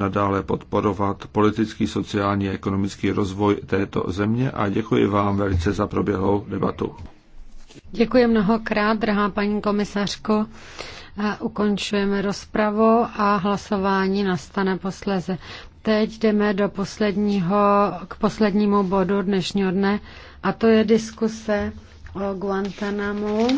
nadále podporovat politický, sociální a ekonomický rozvoj této země a děkuji vám velice za proběhlou debatu. Děkuji mnohokrát, drahá paní komisařko. A ukončujeme rozpravu a hlasování nastane posleze. Teď jdeme do posledního, k poslednímu bodu dnešního dne a to je diskuse o Guantanamo.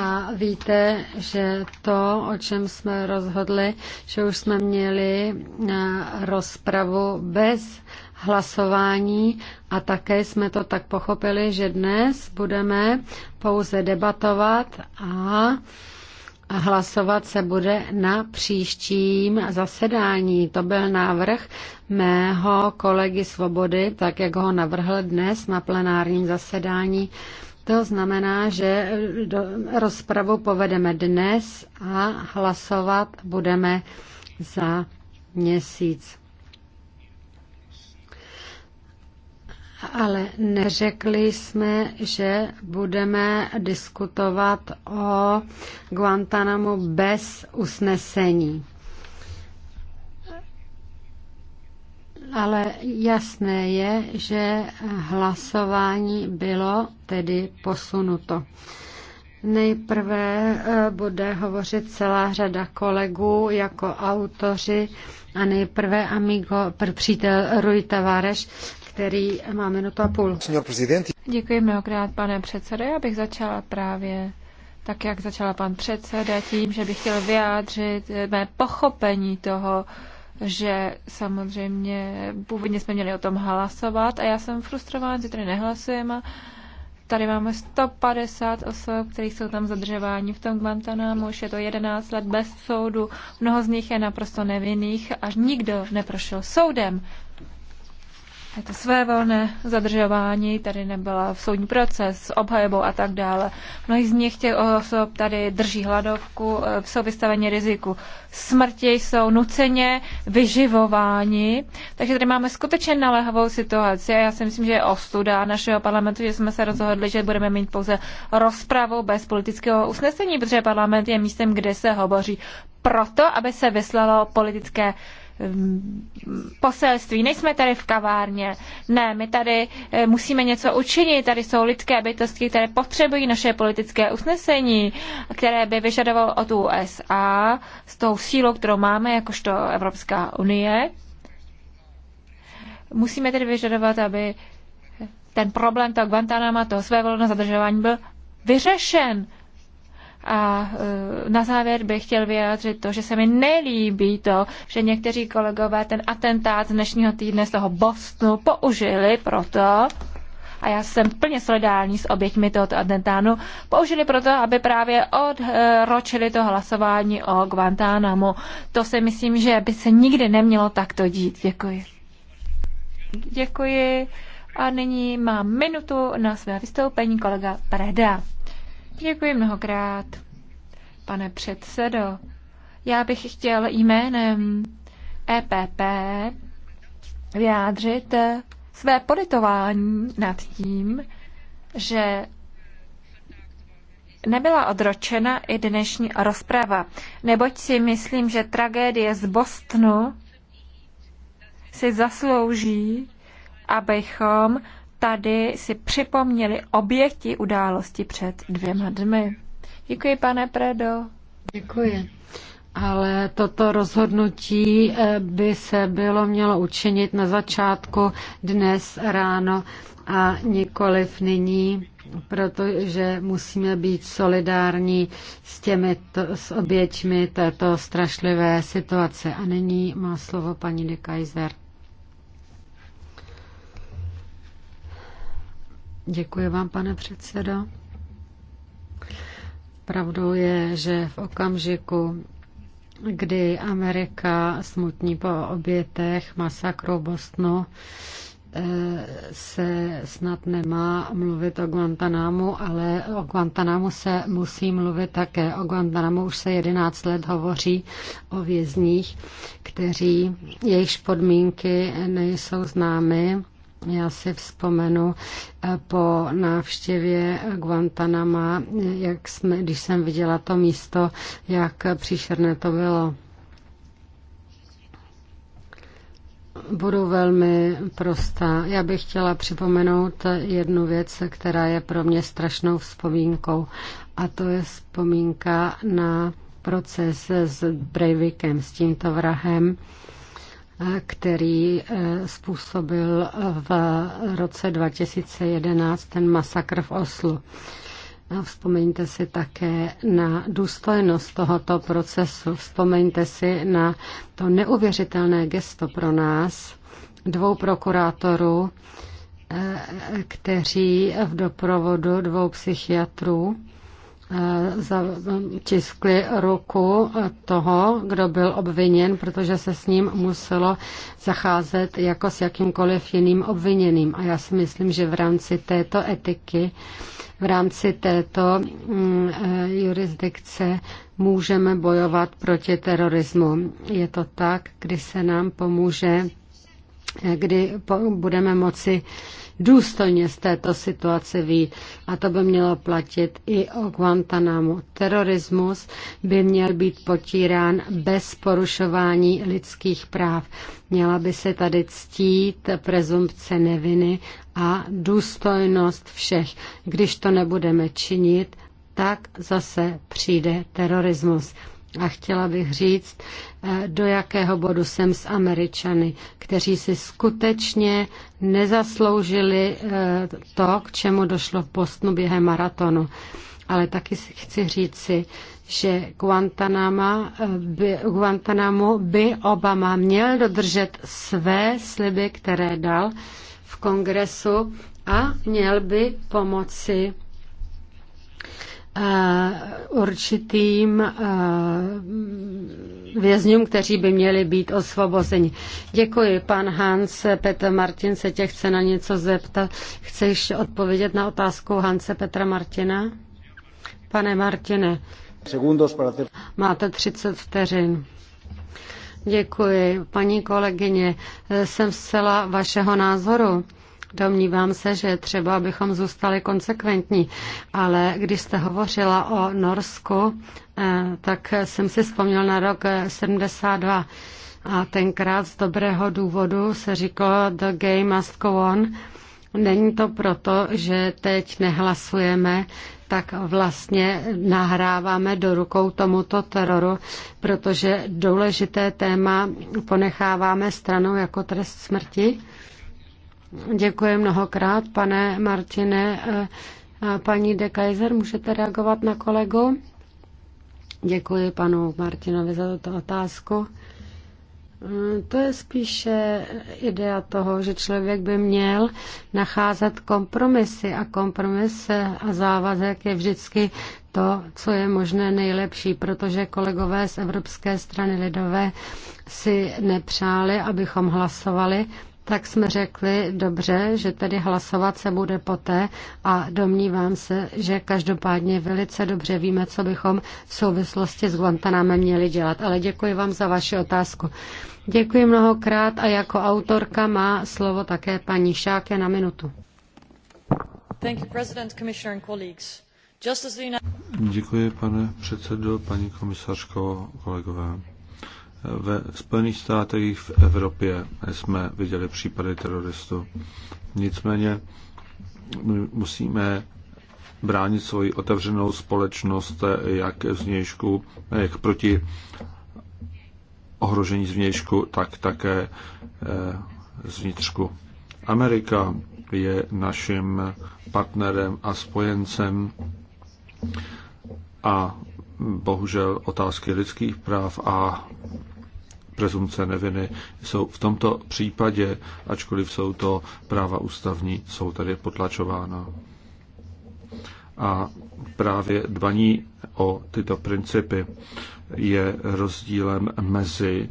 A víte, že to, o čem jsme rozhodli, že už jsme měli eh, rozpravu bez hlasování a také jsme to tak pochopili, že dnes budeme pouze debatovat a hlasovat se bude na příštím zasedání. To byl návrh mého kolegy Svobody, tak jak ho navrhl dnes na plenárním zasedání. To znamená, že rozpravu povedeme dnes a hlasovat budeme za měsíc. Ale neřekli jsme, že budeme diskutovat o Guantanamo bez usnesení. Ale jasné je, že hlasování bylo tedy posunuto. Nejprve eh, bude hovořit celá řada kolegů jako autoři a nejprve amigo, pr- přítel Rui Tavares, který má minutu a půl. Děkuji mnohokrát, pane předsedo. Já bych začala právě tak, jak začala pan předseda, tím, že bych chtěl vyjádřit mé pochopení toho, že samozřejmě původně jsme měli o tom hlasovat a já jsem frustrován, že tady nehlasujeme. Tady máme 150 osob, které jsou tam zadržováni v tom Guantanamo, už je to 11 let bez soudu. Mnoho z nich je naprosto nevinných a nikdo neprošel soudem je to své volné zadržování, tady nebyla v soudní proces, obhajebou a tak dále. Mnohí z nich těch osob tady drží hladovku, eh, jsou vystaveni riziku smrti, jsou nuceně vyživováni, takže tady máme skutečně naléhavou situaci a já si myslím, že je ostuda našeho parlamentu, že jsme se rozhodli, že budeme mít pouze rozpravu bez politického usnesení, protože parlament je místem, kde se hovoří proto, aby se vyslalo politické Mm, poselství. Nejsme tady v kavárně. Ne, my tady eh, musíme něco učinit. Tady jsou lidské bytosti, které potřebují naše politické usnesení, které by vyžadovalo od USA s tou sílou, kterou máme, jakožto Evropská unie. Musíme tedy vyžadovat, aby ten problém toho Guantanama, toho své volno zadržování byl vyřešen. A e, na závěr bych chtěl vyjádřit to, že se mi nelíbí to, že někteří kolegové ten atentát z dnešního týdne z toho Bostonu použili proto, a já jsem plně solidární s oběťmi tohoto atentánu, použili proto, aby právě odročili to hlasování o Guantánamo. To si myslím, že by se nikdy nemělo takto dít. Děkuji. Děkuji. A nyní mám minutu na své vystoupení kolega Preda. Děkuji mnohokrát, pane předsedo. Já bych chtěl jménem EPP vyjádřit své politování nad tím, že nebyla odročena i dnešní rozprava, neboť si myslím, že tragédie z Bostonu si zaslouží, abychom tady si připomněli oběti události před dvěma dny. Děkuji, pane Predo. Děkuji. Ale toto rozhodnutí eh, by se bylo mělo učinit na začátku dnes ráno a nikoliv nyní, protože musíme být solidární s, těmi, s oběťmi této strašlivé situace. A nyní má slovo paní de Kaiser. Děkuji vám, pane předsedo. Pravdou je, že v okamžiku, kdy Amerika smutní po obětech masakru Bosnu, eh, se snad nemá mluvit o Guantanámu, ale o Guantanámu se musí mluvit také. O Guantanámu už se 11 let hovoří o vězních, kteří, jejichž podmínky nejsou známy já si vzpomenu eh, po návštěvě Guantanama, jak jsme, když jsem viděla to místo, jak příšerné to bylo. Budu velmi prostá. Já bych chtěla připomenout jednu věc, která je pro mě strašnou vzpomínkou. A to je vzpomínka na proces s Breivikem, s tímto vrahem který eh, způsobil v roce 2011 ten masakr v Oslu. Vzpomeňte si také na důstojnost tohoto procesu. Vzpomeňte si na to neuvěřitelné gesto pro nás, dvou prokurátorů, eh, kteří v doprovodu dvou psychiatrů zatiskli ruku toho, kdo byl obviněn, protože se s ním muselo zacházet jako s jakýmkoliv jiným obviněným. A já si myslím, že v rámci této etiky, v rámci této mm, jurisdikce můžeme bojovat proti terorismu. Je to tak, kdy se nám pomůže kdy budeme moci důstojně z této situace výjít. A to by mělo platit i o Guantanamo. Terorismus by měl být potírán bez porušování lidských práv. Měla by se tady ctít prezumpce neviny a důstojnost všech. Když to nebudeme činit, tak zase přijde terorismus. A chtěla bych říct, eh, do jakého bodu jsem s Američany, kteří si skutečně nezasloužili eh, to, k čemu došlo v Bostonu během maratonu. Ale taky chci si, že Guantanama eh, by, Guantanamu by Obama měl dodržet své sliby, které dal v kongresu a měl by pomoci Eh, určitým eh, vězňům, kteří by měli být osvobozeni. Děkuji, pan Hans Petr Martin se tě chce na něco zeptat. Chceš odpovědět na otázku Hanse Petra Martina? Pane Martine, máte 30 vteřin. Děkuji, paní kolegyně, eh, jsem zcela vašeho názoru Domnívám se, že třeba bychom zůstali konsekventní, ale když jste hovořila o Norsku, eh, tak jsem si vzpomněl na rok 72 eh, a tenkrát z dobrého důvodu se říkalo The game must go on. Není to proto, že teď nehlasujeme, tak vlastně nahráváme do rukou tomuto teroru, protože důležité téma ponecháváme stranou jako trest smrti. Děkuji mnohokrát, pane Martine. Paní de Kaiser, můžete reagovat na kolegu? Děkuji panu Martinovi za tuto otázku. To je spíše idea toho, že člověk by měl nacházet kompromisy a kompromis a závazek je vždycky to, co je možné nejlepší, protože kolegové z Evropské strany lidové si nepřáli, abychom hlasovali tak jsme řekli dobře, že tedy hlasovat se bude poté a domnívám se, že každopádně velice dobře víme, co bychom v souvislosti s Guantanámem měli dělat. Ale děkuji vám za vaši otázku. Děkuji mnohokrát a jako autorka má slovo také paní Šáke na minutu. Děkuji, pane předsedo, paní komisařko, kolegové ve Spojených státech v Evropě jsme viděli případy teroristů. Nicméně musíme bránit svoji otevřenou společnost jak vnějšku, jak proti ohrožení zvnějšku, tak také eh, zvnitřku. Amerika je naším partnerem a spojencem a bohužel otázky lidských práv a prezumce neviny jsou v tomto případě, ačkoliv jsou to práva ústavní, jsou tady potlačována. A právě dbaní o tyto principy je rozdílem mezi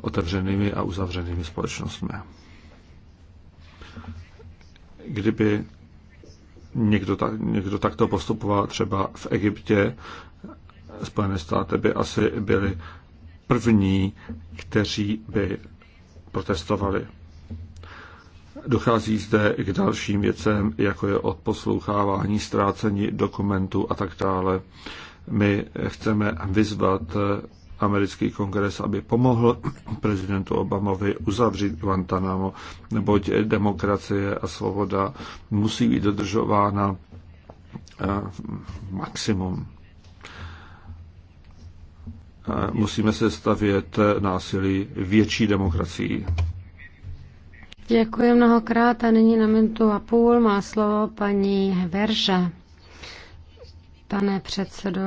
otevřenými a uzavřenými společnostmi. Kdyby někdo, tak, někdo takto postupoval třeba v Egyptě, Spojené státy by asi byly první, kteří by protestovali. Dochází zde k dalším věcem, jako je odposlouchávání, ztrácení dokumentů a tak dále. My chceme vyzvat americký kongres, aby pomohl prezidentu Obamovi uzavřít Guantanamo, neboť demokracie a svoboda musí být dodržována eh, maximum musíme se stavět násilí větší demokracií. Děkuji mnohokrát a nyní na minutu a půl má slovo paní Verža. Pane předsedo,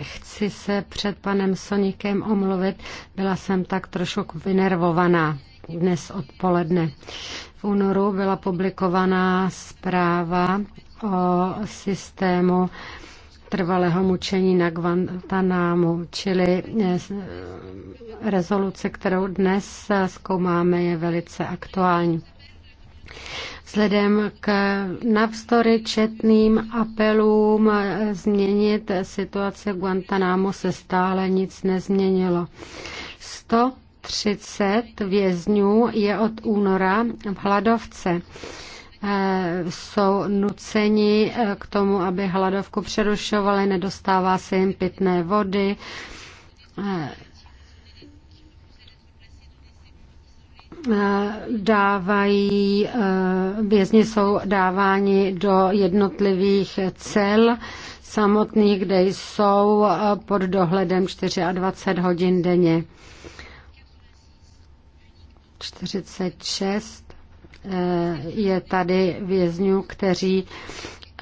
chci se před panem Sonikem omluvit. Byla jsem tak trošku vynervovaná dnes odpoledne. V únoru byla publikovaná zpráva o systému trvalého mučení na Guantanámu, čili eh, eh, rezoluce, kterou dnes eh, zkoumáme, je velice aktuální. Vzhledem k navzdory četným apelům změnit situaci v Guantanámu se stále nic nezměnilo. 130 vězňů je od února v hladovce jsou nuceni eh, k tomu, aby hladovku přerušovali, nedostává se jim pitné vody. Eh, dávají, eh, vězni jsou dáváni do jednotlivých cel samotných, kde jsou pod dohledem 24 hodin denně. 46 Eh, je tady vězňů, kteří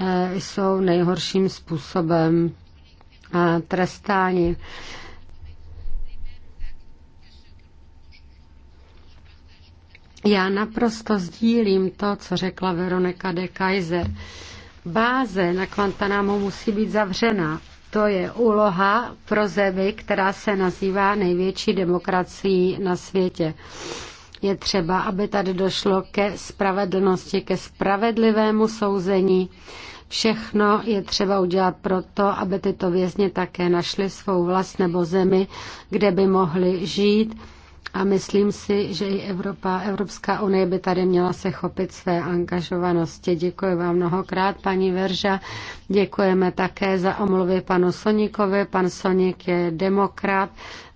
eh, jsou nejhorším způsobem eh, trestáni. Já naprosto sdílím to, co řekla Veronika de Kaiser. Báze na Guantanamo musí být zavřena. To je úloha pro zemi, která se nazývá největší demokracií na světě. Uh, je třeba, aby tady došlo ke spravedlnosti, ke spravedlivému souzení. Všechno je třeba udělat proto, aby tyto vězně také našli svou vlast nebo zemi, kde by mohli žít. A myslím si, že i Evropa, Evropská unie by tady měla se chopit své angažovanosti. Děkuji vám mnohokrát, paní Verža. Děkujeme také za omluvy panu Sonikovi. Pan Sonik je demokrat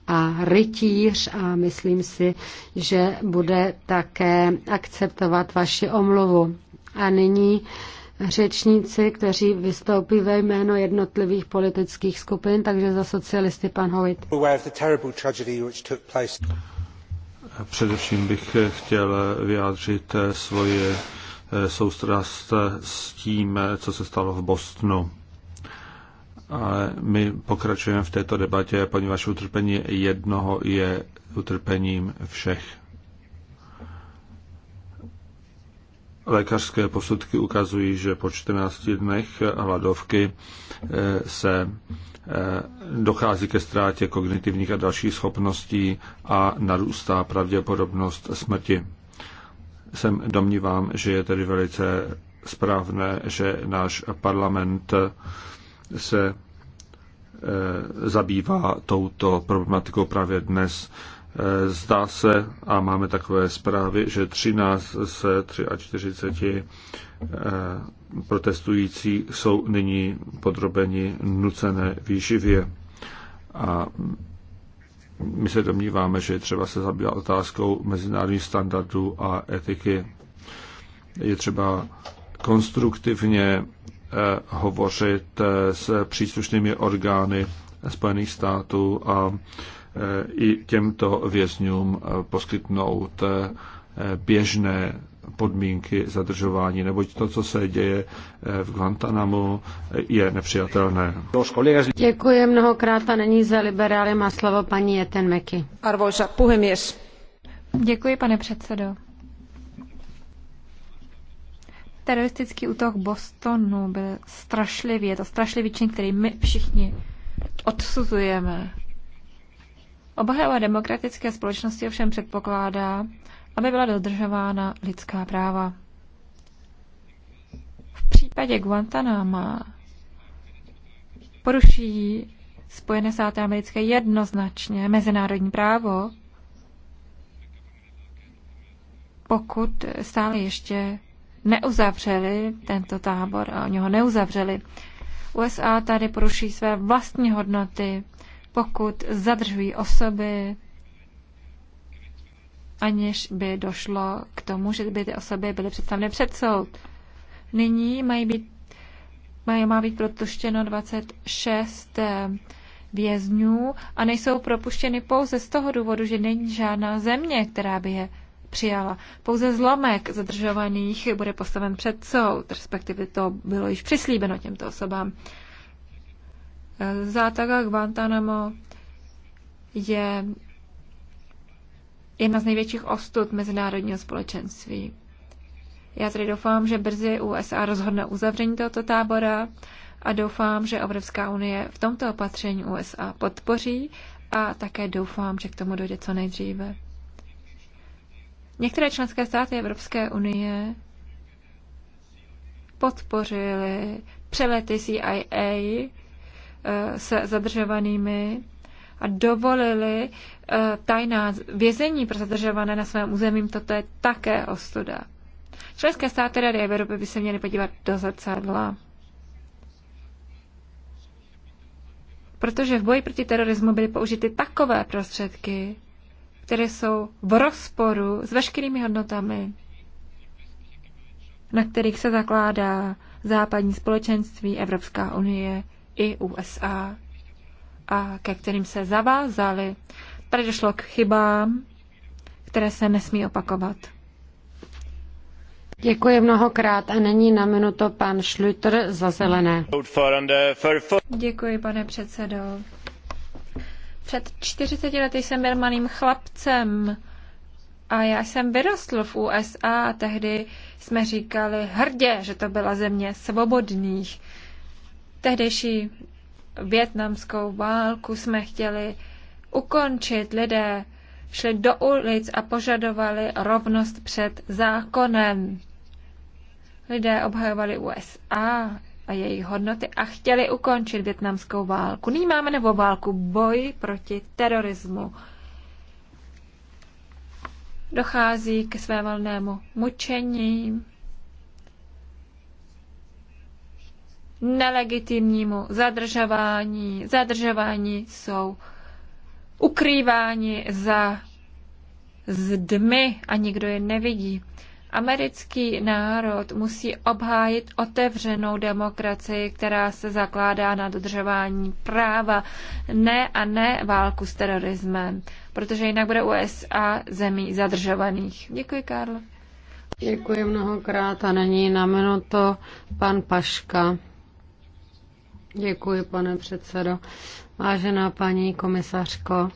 a rytíř a myslím si, že bude také akceptovat vaši omluvu. A nyní řečníci, kteří vystoupí ve jméno jednotlivých politických skupin, takže za socialisty pan Hovit. Především bych chtěl vyjádřit svoje soustrast s tím, co se stalo v Bostonu ale my pokračujeme v této debatě, poněvadž utrpení jednoho je utrpením všech. Lékařské posudky ukazují, že po 14 dnech hladovky eh, se eh, dochází ke ztrátě kognitivních a dalších schopností a narůstá pravděpodobnost smrti. Jsem domnívám, že je tedy velice správné, že náš parlament se eh, zabývá touto problematikou právě dnes. Eh, zdá se, a máme takové zprávy, že 13 z 43 eh, protestující jsou nyní podrobeni nucené výživě. A my se domníváme, že je třeba se zabývat otázkou mezinárodních standardů a etiky. Je třeba konstruktivně Eh, hovořit eh, s příslušnými orgány Spojených států a eh, i těmto vězňům poskytnout běžné podmínky zadržování, neboť to, co se děje v Guantanamu, je nepřijatelné. Děkuji mnohokrát a není za liberály má slovo paní Jeten Meky. Arvoisa puhemies. Děkuji, pane předsedo. Teroristický útok Bostonu byl strašlivý, je to strašlivý čin, který my všichni odsuzujeme. Obhajoba demokratické společnosti ovšem předpokládá, aby byla dodržována lidská práva. V případě Guantanama poruší Spojené státy americké jednoznačně mezinárodní právo, pokud stále ještě neuzavřeli tento tábor a oni ho neuzavřeli. USA tady poruší své vlastní hodnoty, pokud zadržují osoby, aniž by došlo k tomu, že by ty osoby byly představeny před soud. Nyní mají být, mají, má být protuštěno 26 eh, vězňů a nejsou propuštěny pouze z toho důvodu, že není žádná země, která by je přijala. Pouze zlomek zadržovaných bude postaven před soud, respektive to bylo již přislíbeno těmto osobám. Zátaga Guantanamo je jedna z největších ostud mezinárodního společenství. Já tedy doufám, že brzy USA rozhodne uzavření tohoto tábora a doufám, že Evropská unie v tomto opatření USA podpoří a také doufám, že k tomu dojde co nejdříve. Některé členské státy Evropské unie podpořily přelety CIA eh, se zadržovanými a dovolili eh, tajná vězení pro zadržované na svém území, toto je také ostuda. Členské státy Rady Evropy by se měly podívat do zrcadla. Protože v boji proti terorismu byly použity takové prostředky, které jsou v rozporu s veškerými hodnotami, na kterých se zakládá západní společenství, Evropská unie i USA a ke kterým se zavázali. Tady došlo k chybám, které se nesmí opakovat. Děkuji mnohokrát a není na minuto pan Schlüter za zelené. Děkuji, pane předsedo. Před 40 lety jsem byl malým chlapcem a já jsem vyrostl v USA a tehdy jsme říkali hrdě, že to byla země svobodných. Tehdejší větnamskou válku jsme chtěli ukončit. Lidé šli do ulic a požadovali rovnost před zákonem. Lidé obhajovali USA a jejich hodnoty a chtěli ukončit větnamskou válku. Nyní máme nebo válku, boj proti terorismu. Dochází k své volnému mučení, nelegitimnímu zadržování. Zadržování jsou ukrýváni za zdmi a nikdo je nevidí. Americký národ musí obhájit otevřenou demokracii, která se zakládá na dodržování práva, ne a ne válku s terorismem, protože jinak bude USA zemí zadržovaných. Děkuji, Karl. Děkuji mnohokrát a není na minuto pan Paška. Děkuji, pane předsedo. Vážená paní komisařko,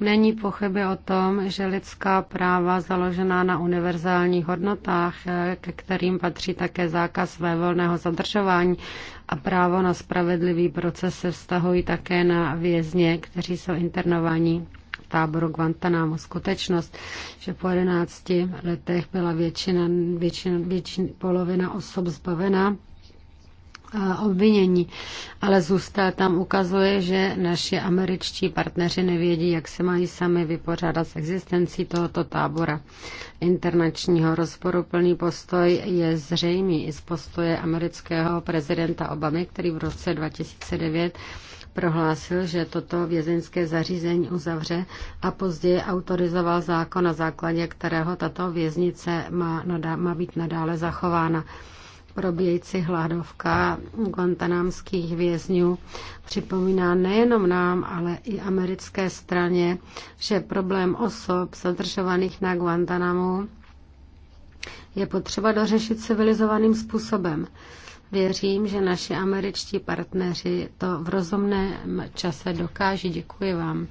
Není pochyby o tom, že lidská práva založená na univerzálních hodnotách, eh, ke kterým patří také zákaz svévolného zadržování a právo na spravedlivý proces se vztahují také na vězně, kteří jsou internovaní v táboru Guantanamo. Skutečnost, že po 11 letech byla většina, většina, většina polovina osob zbavena obvinění, ale zůstá tam ukazuje, že naši američtí partneři nevědí, jak se mají sami vypořádat s existencí tohoto tábora. Internačního rozporuplný postoj je zřejmý i z postoje amerického prezidenta Obamy, který v roce 2009 prohlásil, že toto vězeňské zařízení uzavře a později autorizoval zákon, na základě kterého tato věznice má, nadá, má být nadále zachována probíjející hladovka guantanámských vězňů připomíná nejenom nám, ale i americké straně, že problém osob zadržovaných na Guantanamu je potřeba dořešit civilizovaným způsobem. Věřím, že naši američtí partneři to v rozumném čase dokáží. Děkuji vám.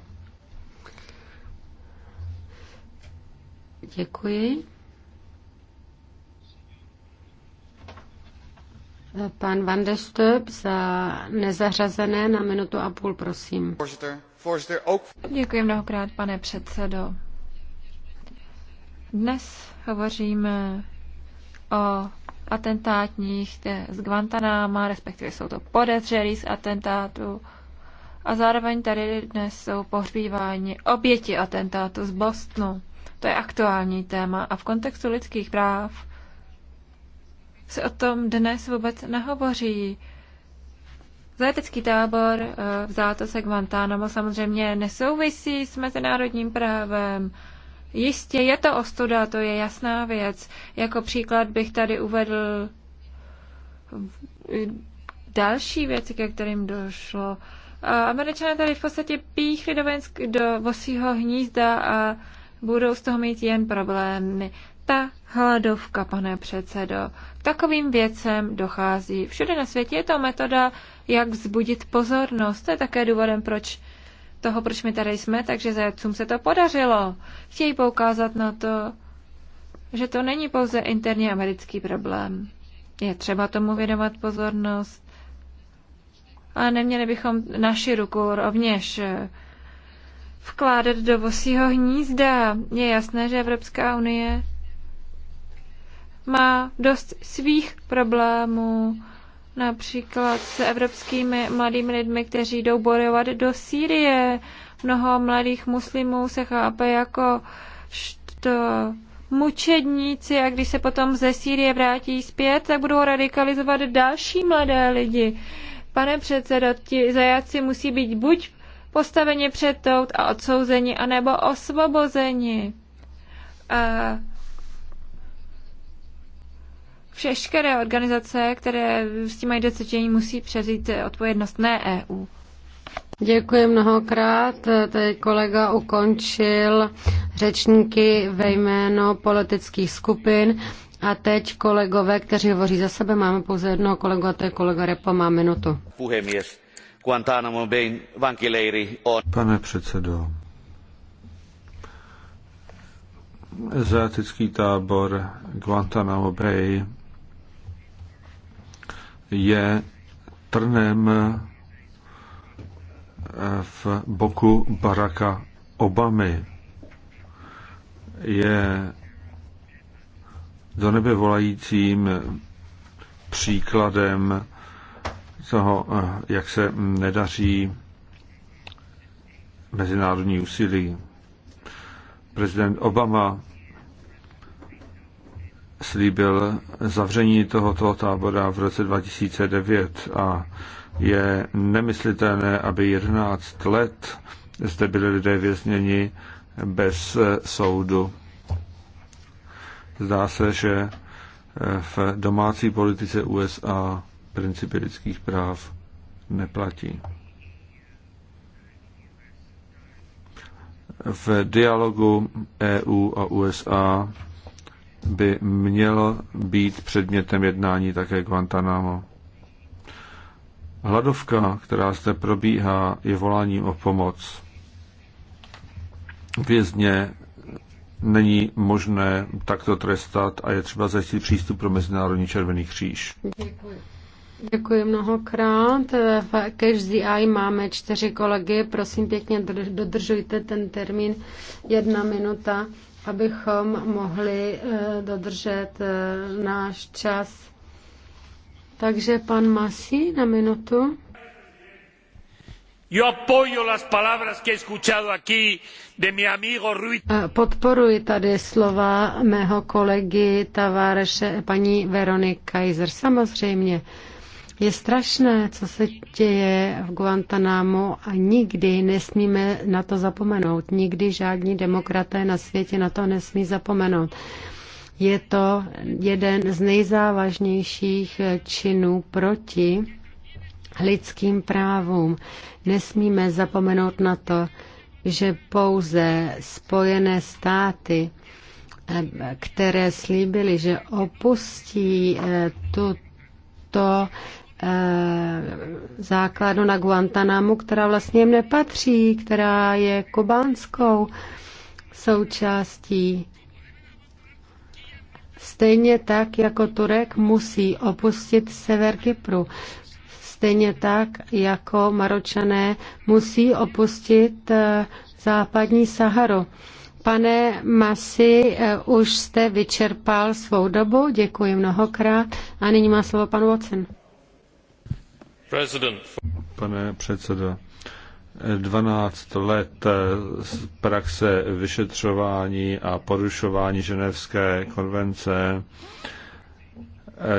Děkuji. Pan Van de Stöp za nezařazené na minutu a půl, prosím. Děkuji mnohokrát, pane předsedo. Dnes hovoříme o atentátních z Guantanáma, respektive jsou to podezřelí z atentátu. A zároveň tady dnes jsou pohřbíváni oběti atentátu z Bostonu. To je aktuální téma a v kontextu lidských práv se o tom dnes vůbec nehovoří. Zajetecký tábor v eh, zátoce Guantánamo samozřejmě nesouvisí s mezinárodním právem. Jistě je to ostuda, to je jasná věc. Jako příklad bych tady uvedl další věci, ke kterým došlo. Američané tady v podstatě píchli do, vojensk- do vosího hnízda a budou z toho mít jen problémy. Ta hladovka, pane předsedo. K takovým věcem dochází. Všude na světě je to metoda, jak vzbudit pozornost. To je také důvodem, proč toho, proč my tady jsme, takže zajedcům se to podařilo. Chtějí poukázat na to, že to není pouze interně americký problém. Je třeba tomu věnovat pozornost. A neměli bychom naši ruku rovněž vkládat do vosího hnízda. Je jasné, že Evropská unie má dost svých problémů, například s evropskými mladými lidmi, kteří jdou bojovat do Sýrie. Mnoho mladých muslimů se chápe jako to mučedníci a když se potom ze Sýrie vrátí zpět, tak budou radikalizovat další mladé lidi. Pane předsedo, ti zajaci musí být buď postaveni před tout a odsouzeni anebo osvobozeni. A Všechny organizace, které s tím mají docetění, musí převzít odpovědnost, ne EU. Děkuji mnohokrát. Teď kolega ukončil řečníky ve jméno politických skupin. A teď kolegové, kteří hovoří za sebe, máme pouze jednoho kolegu a to je kolega Repo, má minutu. Půjde, Guantánamo Bayn vankileiri on. Pane předsedo, zajatecký tábor Guantanamo Bay je trnem eh, v boku Baracka Obamy. Je do nebe volajícím příkladem toho, eh, jak se nedaří mezinárodní úsilí. Prezident Obama slíbil zavření tohoto tábora v roce 2009 a je nemyslitelné, aby 11 let zde byli lidé vězněni bez eh, soudu. Zdá se, že eh, v domácí politice USA principy lidských práv neplatí. V dialogu EU a USA by mělo být předmětem jednání také Guantanamo. Hladovka, která zde probíhá, je voláním o pomoc. Vězně není možné takto trestat a je třeba zajistit přístup pro Mezinárodní červený kříž. Děkuji. Děkuji mnohokrát. V každý ZI máme čtyři kolegy. Prosím pěkně, dodržujte ten termín jedna minuta, abychom mohli eh, dodržet eh, náš čas. Takže pan Masí, na minutu. Yo apoyo las palabras que he escuchado aquí de mi amigo Ruiz. Eh, podporuji tady slova mého kolegy Tavareše, paní Veronika Kaiser. Samozřejmě je strašné, co se děje v Guantanamo a nikdy nesmíme na to zapomenout. Nikdy žádní demokraté na světě na to nesmí zapomenout. Je to jeden z nejzávažnějších činů proti lidským právům. Nesmíme zapomenout na to, že pouze Spojené státy, eh, které slíbily, že opustí eh, tuto Eh, základnu na Guantanamu, která vlastně jim nepatří, která je kobánskou součástí. Stejně tak, jako Turek musí opustit sever Kypru. Stejně tak, jako Maročané musí opustit eh, západní Saharu. Pane Masi, eh, už jste vyčerpal svou dobu, děkuji mnohokrát a nyní má slovo pan Watson. Pane předsedo, 12 let z praxe vyšetřování a porušování ženevské konvence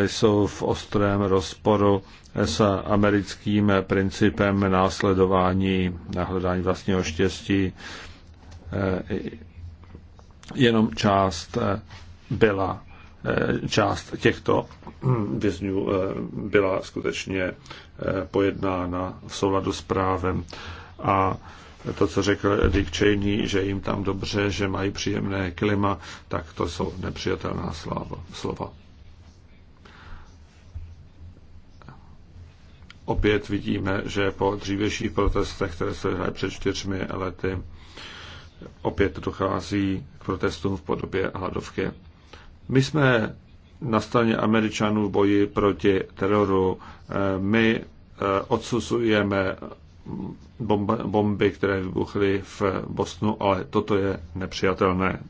jsou v ostrém rozporu s americkým principem následování na hledání vlastního štěstí. Jenom část byla Eh, část těchto hm, vězňů eh, byla skutečně eh, pojednána v souladu s právem. A to, co řekl Dick Cheney, že jim tam dobře, že mají příjemné klima, tak to jsou nepřijatelná slova. Opět vidíme, že po dřívějších protestech, které se hrají před čtyřmi lety, opět dochází k protestům v podobě hladovky. My jsme na straně Američanů v boji proti teroru. Eh, my eh, odsuzujeme bomby, které vybuchly v Bosnu, ale toto je nepřijatelné.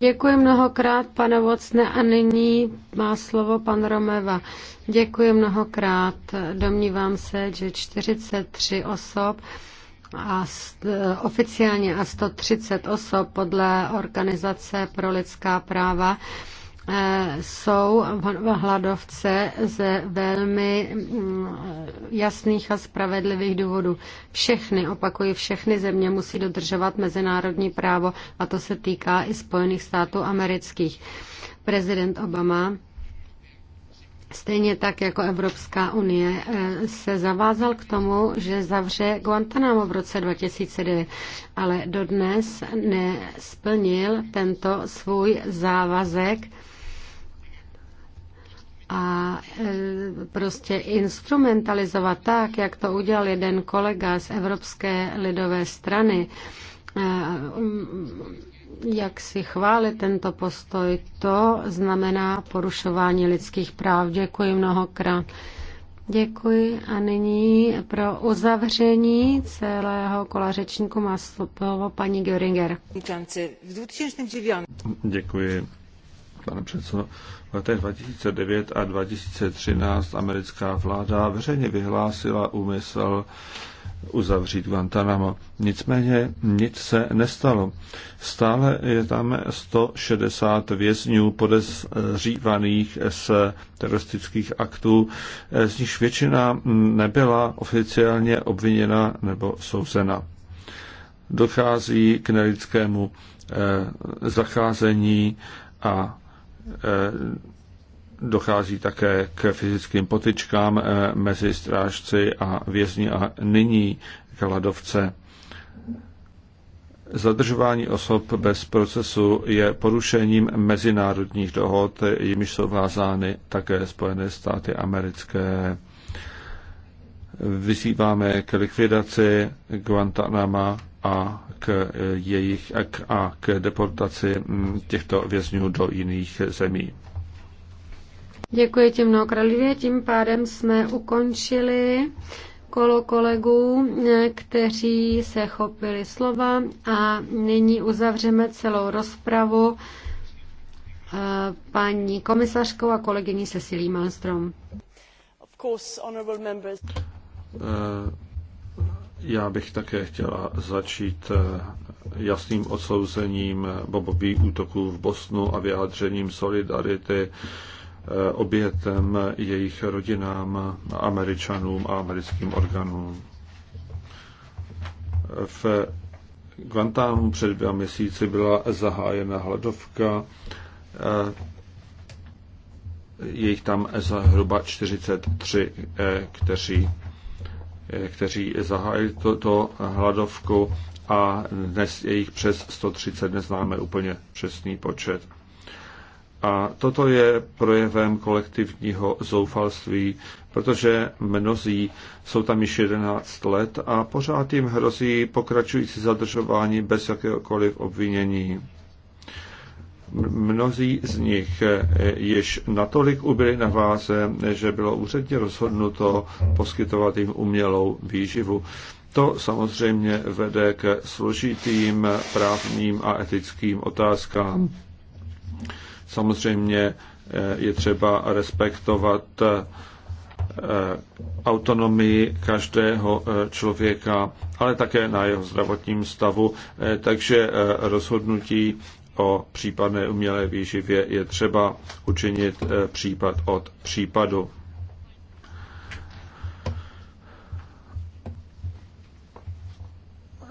Děkuji mnohokrát, pane Vocne, a nyní má slovo pan Romeva. Děkuji mnohokrát. Domnívám se, že 43 osob a oficiálně a 130 osob podle Organizace pro lidská práva eh, jsou v hladovce ze velmi mm, jasných a spravedlivých důvodů. Všechny, opakuji, všechny země musí dodržovat mezinárodní právo a to se týká i Spojených států amerických. Prezident Obama Stejně tak jako Evropská unie eh, se zavázal k tomu, že zavře Guantanamo v roce 2009, ale dodnes nesplnil tento svůj závazek a eh, prostě instrumentalizovat tak, jak to udělal jeden kolega z Evropské lidové strany, eh, jak si chválit tento postoj, to znamená porušování lidských práv. Děkuji mnohokrát. Děkuji a nyní pro uzavření celého kola řečníku má slovo paní Göringer. Děkuji pane předsedo, v letech 2009 a 2013 americká vláda veřejně vyhlásila úmysl uzavřít Guantanamo. Nicméně nic se nestalo. Stále je tam 160 vězňů podezřívaných z teroristických aktů, z nichž většina nebyla oficiálně obviněna nebo souzena. Dochází k nelidskému eh, zacházení a Eh, dochází také k fyzickým potičkám eh, mezi strážci a vězni a nyní k hladovce. Zadržování osob bez procesu je porušením mezinárodních dohod, jimiž jsou vázány také Spojené státy americké. Vyzýváme k likvidaci Guantanama a k jejich a k deportaci těchto vězňů do jiných zemí. Děkuji ti mnohokrát, Lidie. Tím pádem jsme ukončili kolo kolegů, kteří se chopili slova a nyní uzavřeme celou rozpravu eh, paní komisařkou a kolegyní Cecilí Malmström. Of course, honorable members. Uh já bych také chtěla začít eh, jasným odsouzením bobových útoků v Bosnu a vyjádřením solidarity eh, obětem, jejich rodinám, američanům a americkým orgánům. V Guantánu před dvěma měsíci byla zahájena hladovka. Eh, je jich tam zhruba 43, kteří kteří zahájili toto hladovku a dnes je jich přes 130, neznáme úplně přesný počet. A toto je projevem kolektivního zoufalství, protože mnozí jsou tam již 11 let a pořád jim hrozí pokračující zadržování bez jakéhokoliv obvinění mnozí z nich eh, již natolik ubyli na váze, že bylo úředně rozhodnuto poskytovat jim umělou výživu. To samozřejmě vede k složitým právním a etickým otázkám. Samozřejmě eh, je třeba respektovat eh, autonomii každého člověka, ale také na jeho zdravotním stavu. Takže rozhodnutí o případné umělé výživě je třeba učinit eh, případ od případu.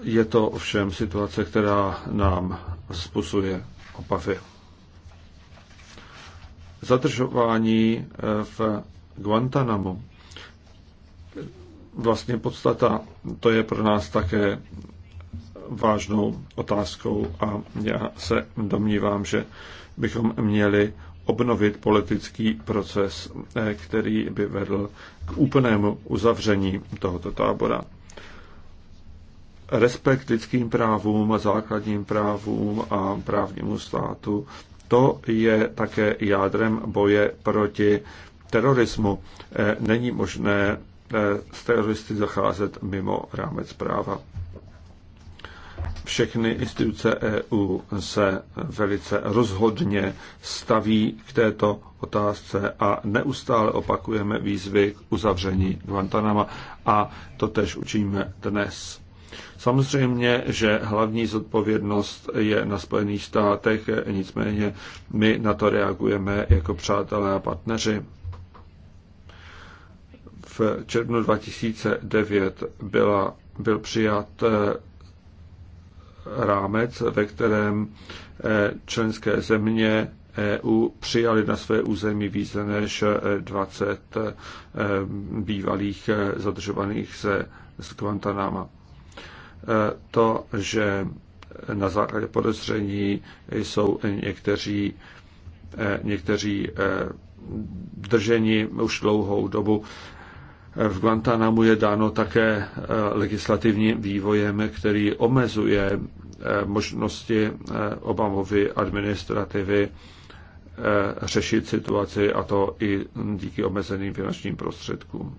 Je to ovšem situace, která nám způsobuje opavy. Zadržování eh, v Guantanamu. Vlastně podstata, to je pro nás také vážnou otázkou a já se domnívám, že bychom měli obnovit politický proces, eh, který by vedl k úplnému uzavření tohoto tábora. Respekt lidským právům a základním právům a právnímu státu, to je také jádrem boje proti terorismu. Eh, není možné eh, s teroristy zacházet mimo rámec práva všechny instituce EU se velice rozhodně staví k této otázce a neustále opakujeme výzvy k uzavření Guantanama a to tež učíme dnes. Samozřejmě, že hlavní zodpovědnost je na Spojených státech, nicméně my na to reagujeme jako přátelé a partneři. V červnu 2009 byla, byl přijat rámec, ve kterém eh, členské země EU přijali na své území více než 20 eh, eh, bývalých zadržovaných se z Guantanama. To, že na základě podezření jsou někteří, někteří drženi už dlouhou dobu, v Guantánamu je dáno také eh, legislativním vývojem, který omezuje eh, možnosti eh, Obamovy administrativy řešit situaci, a to i díky omezeným finančním prostředkům.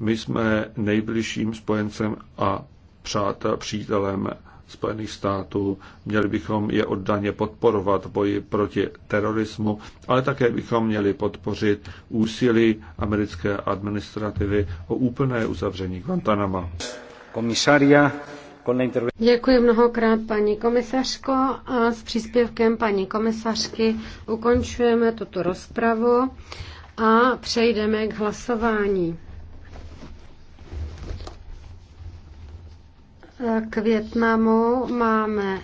My jsme nejbližším spojencem a přátel, přítelem Spojených států. Měli bychom je oddaně podporovat v boji proti terorismu, ale také bychom měli podpořit úsilí americké administrativy o úplné uzavření Guantanama. Komisaria. Děkuji mnohokrát, paní komisařko, a s příspěvkem paní komisařky ukončujeme tuto rozpravu a přejdeme k hlasování. K Větnamu máme